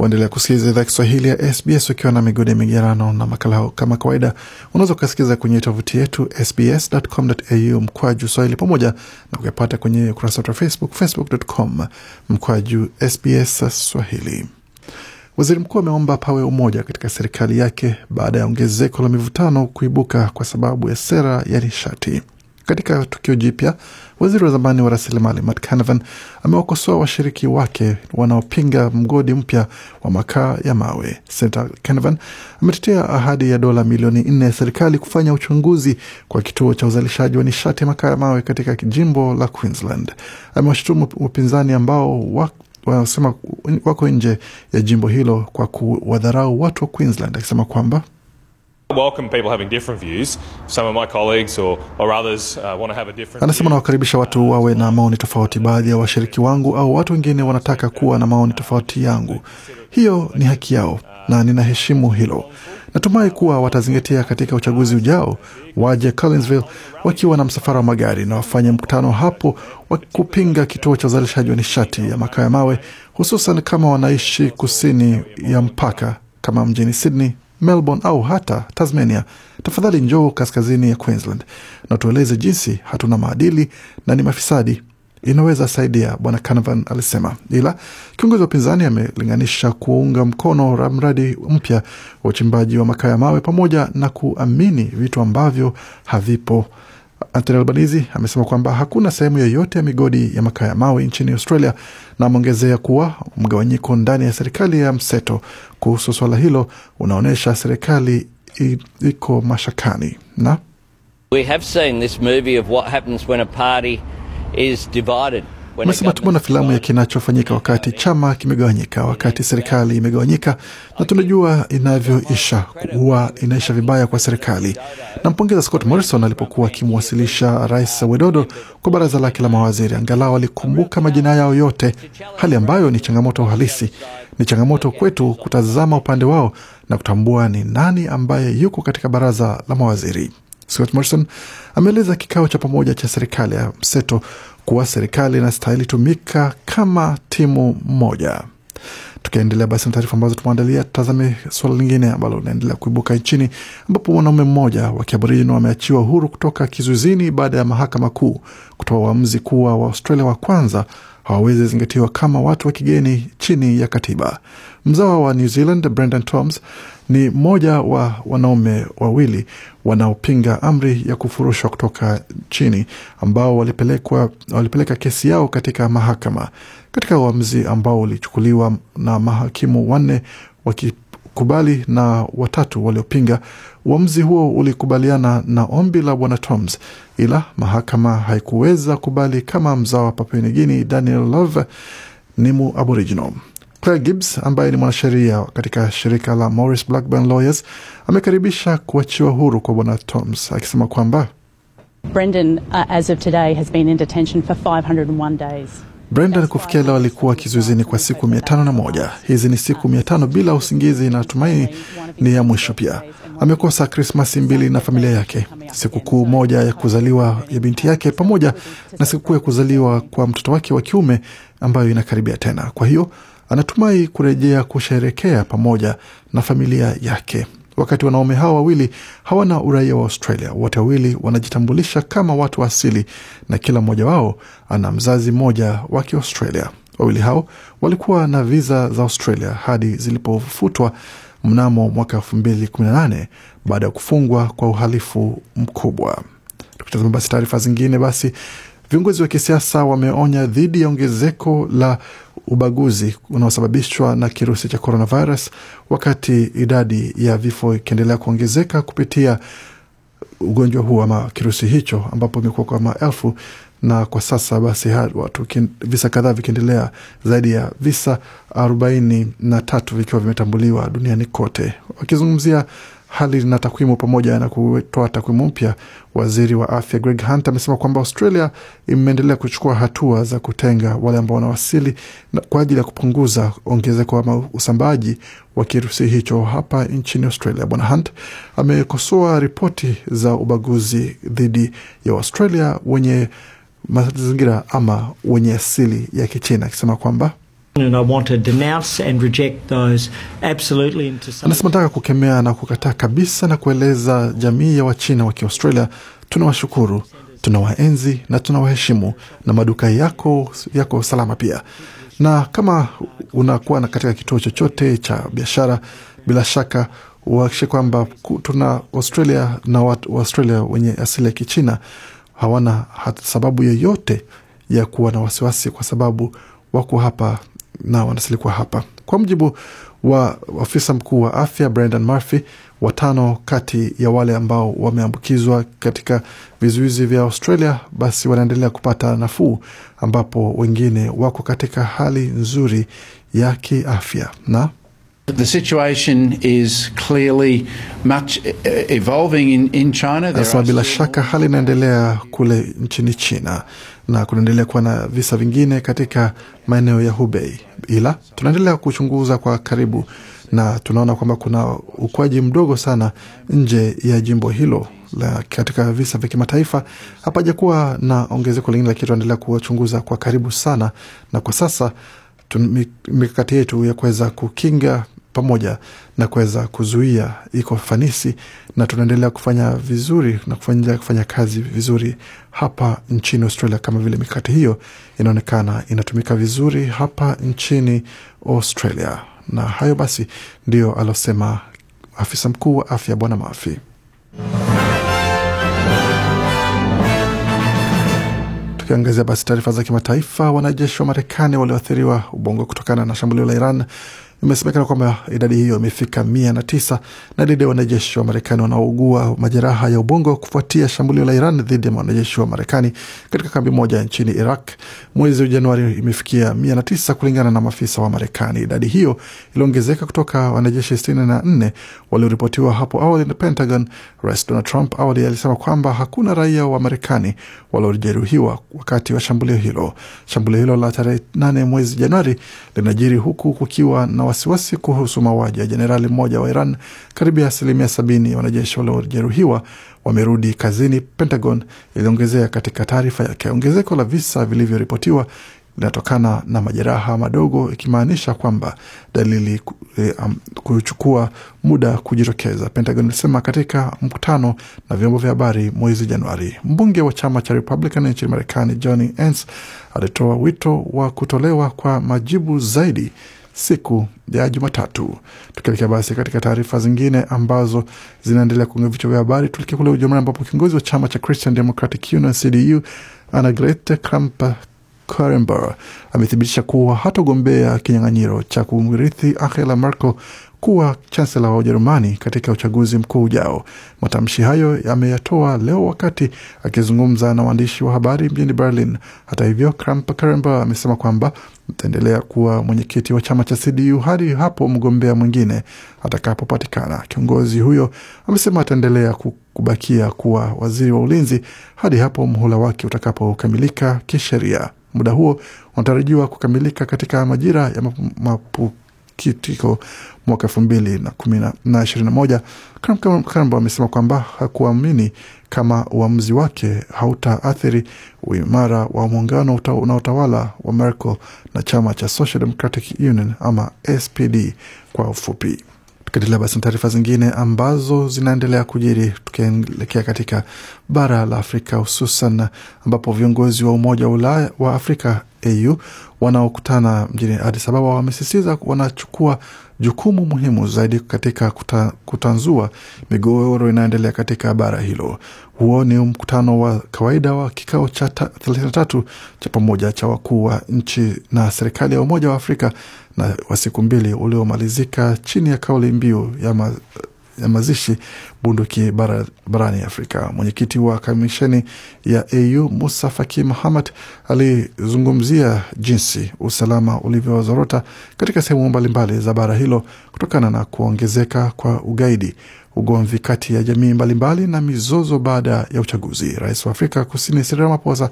Waendelea kusikiliza idhaa Kiswahili ya SBS ukiwa na migodi migerano na makala hao. Kama kawaida, unaweza ukasikiliza kwenye tovuti yetu sbs.com.au mkwaju swahili, pamoja na kuyapata kwenye ukurasa wetu wa Facebook, facebook.com mkwaju SBS Swahili. Waziri mkuu ameomba pawe umoja katika serikali yake baada ya ongezeko la mivutano kuibuka kwa sababu ya sera ya nishati. Katika tukio jipya, waziri wa zamani wa rasilimali Matt Canavan amewakosoa washiriki wake wanaopinga mgodi mpya wa makaa ya mawe. Senata Canavan ametetea ahadi ya dola milioni nne ya serikali kufanya uchunguzi kwa kituo cha uzalishaji wa nishati ya makaa ya mawe katika jimbo la Queensland. Amewashutumu upinzani ambao wa wanasema wako nje ya jimbo hilo kwa kuwadharau watu wa Queensland akisema kwamba Uh, Anasema nawakaribisha watu wawe na maoni tofauti. Baadhi ya washiriki wangu au watu wengine wanataka kuwa na maoni tofauti yangu, hiyo ni haki yao na ninaheshimu hilo. Natumai kuwa watazingatia katika uchaguzi ujao, waje Collinsville wakiwa na msafara wa magari na wafanye mkutano hapo wa kupinga kituo cha uzalishaji wa nishati ya makaa ya mawe, hususan kama wanaishi kusini ya mpaka kama mjini Sydney Melbourne au hata Tasmania, tafadhali njoo kaskazini ya Queensland na tueleze jinsi hatuna maadili na ni mafisadi inaweza saidia, Bwana Canavan alisema. Ila kiongozi wa upinzani amelinganisha kuunga mkono mradi mpya wa uchimbaji wa makaa ya mawe pamoja na kuamini vitu ambavyo havipo. Anthony Albanese amesema kwamba hakuna sehemu yoyote ya migodi ya makaa ya mawe nchini Australia, na ameongezea kuwa mgawanyiko ndani ya serikali ya mseto kuhusu swala hilo unaonyesha serikali iko mashakani na Amesema tumeona filamu ya kinachofanyika wakati chama kimegawanyika, wakati serikali imegawanyika, na tunajua inavyoisha, huwa inaisha vibaya kwa serikali. Nampongeza Scott Morrison alipokuwa akimwasilisha Rais Widodo kwa baraza lake la mawaziri, angalau alikumbuka majina yao yote, hali ambayo ni changamoto halisi. Ni changamoto kwetu kutazama upande wao na kutambua ni nani ambaye yuko katika baraza la mawaziri. Scott Morrison ameeleza kikao cha pamoja cha serikali ya mseto kuwa serikali inastahili tumika kama timu moja. Tukiendelea basi na taarifa ambazo tumeandalia, tutazame suala lingine ambalo linaendelea kuibuka nchini, ambapo mwanaume mmoja wa kiaborijini wameachiwa huru kutoka kizuizini baada ya mahakama kuu kutoa uamuzi kuwa Waaustralia wa kwanza hawawezi zingatiwa kama watu wa kigeni chini ya katiba. Mzawa wa New Zealand Brendan Toms ni mmoja wa wanaume wawili wanaopinga amri ya kufurushwa kutoka chini ambao walipelekwa, walipeleka kesi yao katika mahakama katika uamuzi ambao ulichukuliwa na mahakimu wanne waki kubali na watatu waliopinga. Uamuzi huo ulikubaliana na ombi la bwana Toms, ila mahakama haikuweza kubali kama mzao wa Papua New Daniel Love ni mu Aboriginal. Claire Gibbs ambaye ni mwanasheria katika shirika la Maurice Blackburn Lawyers amekaribisha kuachiwa huru kwa bwana Toms akisema kwamba Brendan, uh, as of today has been in detention for 501 days. Brendan kufikia leo alikuwa kizuizini kwa siku mia tano na moja. Hizi ni siku mia tano bila usingizi na tumaini ni ya mwisho. Pia amekosa Krismasi mbili na familia yake, sikukuu moja ya kuzaliwa ya binti yake pamoja na sikukuu ya kuzaliwa kwa mtoto wake wa kiume ambayo inakaribia tena. Kwa hiyo anatumai kurejea kusherekea pamoja na familia yake wakati wanaume hao wawili hawana uraia wa Australia. Wote wawili wanajitambulisha kama watu wa asili na kila mmoja wao ana mzazi mmoja wa Kiaustralia. Wawili hao walikuwa na viza za Australia hadi zilipofutwa mnamo mwaka nane baada ya kufungwa kwa uhalifu mkubwa. Tukitazama basi taarifa zingine, basi viongozi wa kisiasa wameonya dhidi ya ongezeko la ubaguzi unaosababishwa na kirusi cha coronavirus, wakati idadi ya vifo ikiendelea kuongezeka kupitia ugonjwa huu ama kirusi hicho, ambapo imekuwa kwa maelfu na kwa sasa basi watu visa kadhaa vikiendelea, zaidi ya visa arobaini na tatu vikiwa vimetambuliwa duniani kote. Wakizungumzia hali na takwimu pamoja na kutoa takwimu mpya. Waziri wa afya Greg Hunt amesema kwamba Australia imeendelea kuchukua hatua za kutenga wale ambao wanawasili kwa ajili ya kupunguza ongezeko ama usambaaji wa kirusi hicho hapa nchini Australia. Bwana Hunt amekosoa ripoti za ubaguzi dhidi ya Australia wenye mazingira ama wenye asili ya Kichina akisema kwamba Anasema nataka kukemea na kukataa kabisa na kueleza jamii ya Wachina wa Kiaustralia, tunawashukuru, tunawaenzi na tunawaheshimu, na maduka yako yako salama pia. Na kama unakuwa katika kituo chochote cha biashara, bila shaka uhakikishe kwamba tuna Australia na watu Australia wenye asili ya Kichina hawana sababu yoyote ya kuwa na wasiwasi, kwa sababu wako hapa na wanasilikwa hapa. Kwa mujibu wa afisa mkuu wa afya Brendan Murphy, watano kati ya wale ambao wameambukizwa katika vizuizi vya Australia basi wanaendelea kupata nafuu, ambapo wengine wako katika hali nzuri ya kiafya na The situation is clearly much uh, uh, evolving in, in China. bila shaka hali inaendelea kule nchini China na kunaendelea kuwa na visa vingine katika maeneo ya Hubei, ila tunaendelea kuchunguza kwa karibu na tunaona kwamba kuna ukuaji mdogo sana nje ya jimbo hilo la katika visa vya kimataifa hapajakuwa na ongezeko lingine, lakini tunaendelea kuwachunguza kwa karibu sana, na kwa sasa mikakati yetu ya kuweza kukinga pamoja na kuweza kuzuia iko fanisi, na tunaendelea kufanya vizuri na kufanya, kufanya kazi vizuri hapa nchini Australia, kama vile mikakati hiyo inaonekana inatumika vizuri hapa nchini Australia. Na hayo basi ndiyo alosema afisa mkuu wa afya Bwana Maafi. Tukiangazia basi taarifa za kimataifa, wanajeshi wa Marekani walioathiriwa ubongo kutokana na shambulio la Iran Imesemekana kwamba idadi hiyo imefika mia na tisa na idadi ya wanajeshi wa Marekani wanaougua majeraha ya ubongo kufuatia shambulio la Iran dhidi ya wanajeshi wa Marekani katika kambi moja nchini Iraq mwezi Januari imefikia mia na tisa kulingana na maafisa wa Marekani. Idadi hiyo iliongezeka kutoka wanajeshi na nne walioripotiwa hapo awali na Pentagon. Rais Donald Trump awali alisema kwamba hakuna raia wa Marekani waliojeruhiwa wakati wa shambulio hilo. Shambulio hilo la tarehe nane mwezi Januari linajiri huku kukiwa na wasiwasi kuhusu mauaji ya jenerali mmoja wa Iran. Karibu ya asilimia sabini ya wanajeshi waliojeruhiwa wamerudi kazini, Pentagon iliongezea katika taarifa yake. Ongezeko la visa vilivyoripotiwa linatokana na majeraha madogo, ikimaanisha kwamba dalili e, kuchukua muda kujitokeza, Pentagon ilisema katika mkutano na vyombo vya habari mwezi Januari. Mbunge wa chama cha Republican nchini Marekani Johnny Ens alitoa wito wa kutolewa kwa majibu zaidi siku ya Jumatatu. Tukielekea basi katika taarifa zingine ambazo zinaendelea kuunga vichwa vya habari, tuelekea kule Ujerumani ambapo kiongozi wa chama cha Christian Democratic Union CDU Annegret Kramp Karrenbauer amethibitisha kuwa hatogombea kinyang'anyiro cha kumrithi Angela Merkel kuwa chansela wa Ujerumani katika uchaguzi mkuu ujao. Matamshi hayo yameyatoa leo wakati akizungumza na waandishi wa habari mjini Berlin. Hata hivyo, kramp amesema kwamba ataendelea kuwa mwenyekiti wa chama cha CDU hadi hapo mgombea mwingine atakapopatikana. Kiongozi huyo amesema ataendelea kubakia kuwa waziri wa ulinzi hadi hapo mhula wake utakapokamilika kisheria. Muda huo unatarajiwa kukamilika katika majira ya mapu, mapu, kitiko mwaka elfu mbili na kumi na ishirini na moja. Karamba amesema kwamba hakuamini kama uamuzi wake hautaathiri uimara wa muungano na utawala wa Merkel na chama cha Social Democratic Union ama SPD kwa ufupi. Tukiendelea basi na taarifa zingine ambazo zinaendelea kujiri, tukielekea katika bara la Afrika hususan ambapo viongozi wa Umoja wa Ulaya wa Afrika au wanaokutana mjini Addis Ababa wamesisitiza wanachukua jukumu muhimu zaidi katika kuta, kutanzua migogoro inayoendelea katika bara hilo. Huo ni mkutano wa kawaida wa kikao cha 33 cha pamoja cha wakuu wa nchi na serikali ya Umoja wa Afrika na wa siku mbili uliomalizika chini ya kauli mbiu ya ya mazishi bunduki bara, barani Afrika. Mwenyekiti wa kamisheni ya AU Musa Faki Muhammad alizungumzia jinsi usalama ulivyozorota katika sehemu mbalimbali za bara hilo kutokana na kuongezeka kwa ugaidi, ugomvi kati ya jamii mbalimbali mbali na mizozo baada ya uchaguzi. Rais wa Afrika Kusini Cyril Ramaphosa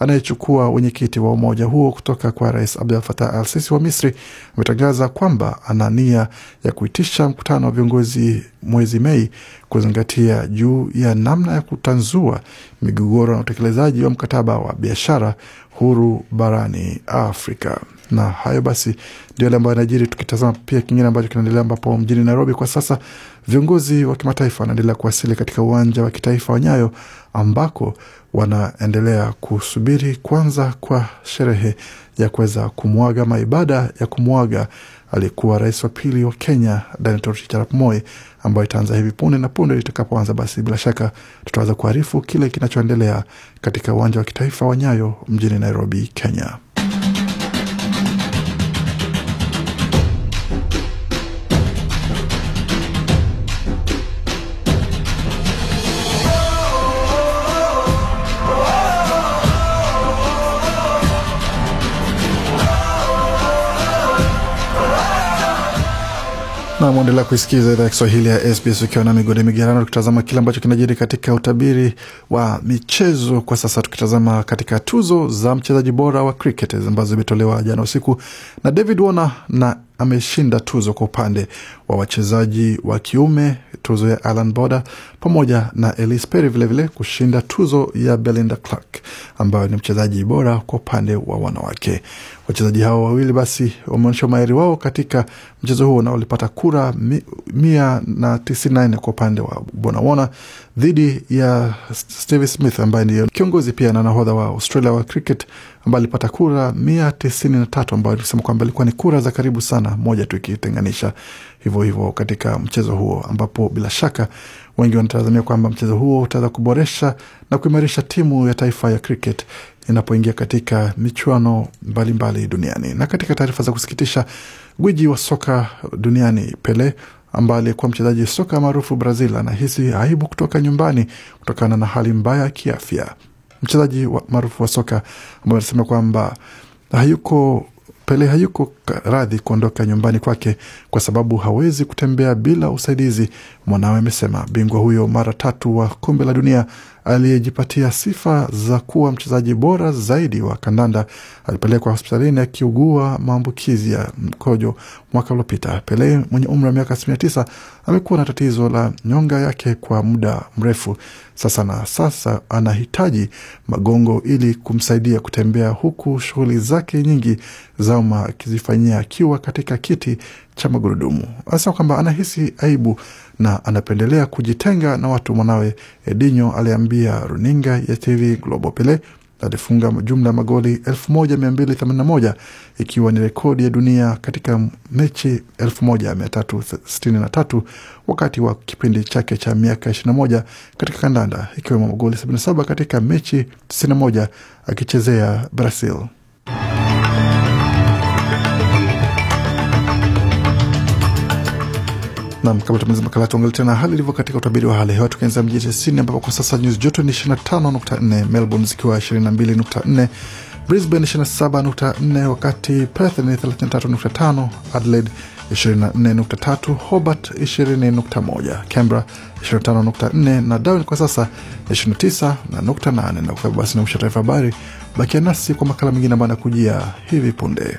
anayechukua wenyekiti wa umoja huo kutoka kwa Rais Abdel Fattah al Sisi wa Misri ametangaza kwamba ana nia ya kuitisha mkutano wa viongozi mwezi Mei kuzingatia juu ya namna ya kutanzua migogoro na utekelezaji wa mkataba wa biashara huru barani Afrika. Na hayo basi ndio yale ambayo yanajiri. Tukitazama pia kingine ambacho kinaendelea, ambapo mjini Nairobi kwa sasa viongozi wa kimataifa wanaendelea kuwasili katika uwanja wa kitaifa wa Nyayo ambako wanaendelea kusubiri kwanza kwa sherehe ya kuweza kumwaga maibada ya kumwaga aliyekuwa rais wa pili wa Kenya Daniel Arap Moi, ambayo itaanza hivi punde, na punde itakapoanza, basi bila shaka tutaweza kuarifu kile kinachoendelea katika uwanja wa kitaifa wa Nyayo mjini Nairobi, Kenya. Mwendelea kuisikiza idhaa ya Kiswahili ya SBS ukiwa na migode migerano, tukitazama kile ambacho kinajiri katika utabiri wa michezo kwa sasa, tukitazama katika tuzo za mchezaji bora wa cricket ambazo zimetolewa jana usiku na David Warner na ameshinda tuzo kwa upande wa wachezaji wa kiume, tuzo ya Alan Boda pamoja na Elise Perry vilevile kushinda tuzo ya Belinda Clark ambayo ni mchezaji bora kwa upande wa wanawake. Wachezaji hao wawili basi wameonyesha umahiri wao katika mchezo huo na walipata kura mia na tisini na nne kwa upande wa Bonawona dhidi ya Steve Smith ambaye ndiyo kiongozi pia na nahodha wa Australia wa cricket ambayo alipata kura mia tisini na tatu ambayo ilisema kwamba ilikuwa ni kura za karibu sana moja tu ikitenganisha hivyo hivyo katika mchezo huo, ambapo bila shaka wengi wanatazamia kwamba mchezo huo utaweza kuboresha na kuimarisha timu ya taifa ya cricket inapoingia katika michuano mbalimbali duniani. Na katika taarifa za kusikitisha, gwiji wa soka duniani Pele ambaye aliyekuwa mchezaji soka maarufu Brazil anahisi aibu kutoka nyumbani kutokana na hali mbaya ya kiafya mchezaji maarufu wa soka ambaye anasema kwamba hayuko Pele hayuko radhi kuondoka nyumbani kwake kwa sababu hawezi kutembea bila usaidizi, mwanawe amesema. Bingwa huyo mara tatu wa kombe la dunia aliyejipatia sifa za kuwa mchezaji bora zaidi wa kandanda alipelekwa hospitalini akiugua maambukizi ya mkojo mwaka uliopita. Pele mwenye umri wa miaka 79 amekuwa na tatizo la nyonga yake kwa muda mrefu sasa na sasa anahitaji magongo ili kumsaidia kutembea, huku shughuli zake nyingi za umma akizifanyia akiwa katika kiti cha magurudumu. Anasema kwamba anahisi aibu na anapendelea kujitenga na watu. Mwanawe Edinho aliambia runinga ya TV Globo Pele na alifunga jumla ya magoli 1281 ikiwa ni rekodi ya dunia katika mechi 1363 wakati wa kipindi chake cha miaka 21 katika kandanda, ikiwemo magoli 77 katika mechi 91 akichezea Brazil. Nam, kabla tumaliza makala, tuangalie tena hali ilivyo katika utabiri wa hali hewa, tukianza mjini Sydney ambapo kwa sasa nyuzi joto ni 25.4, Melbourne zikiwa 22.4, Brisbane 27.4, wakati Perth ni 33.5, Adelaide 24.3, Hobart 20.1, Canberra 25.4 na Darwin kwa sasa 29.8. Na kufika basi na mwisho wa taarifa habari, bakia nasi kwa makala mengine ambayo anakujia hivi punde.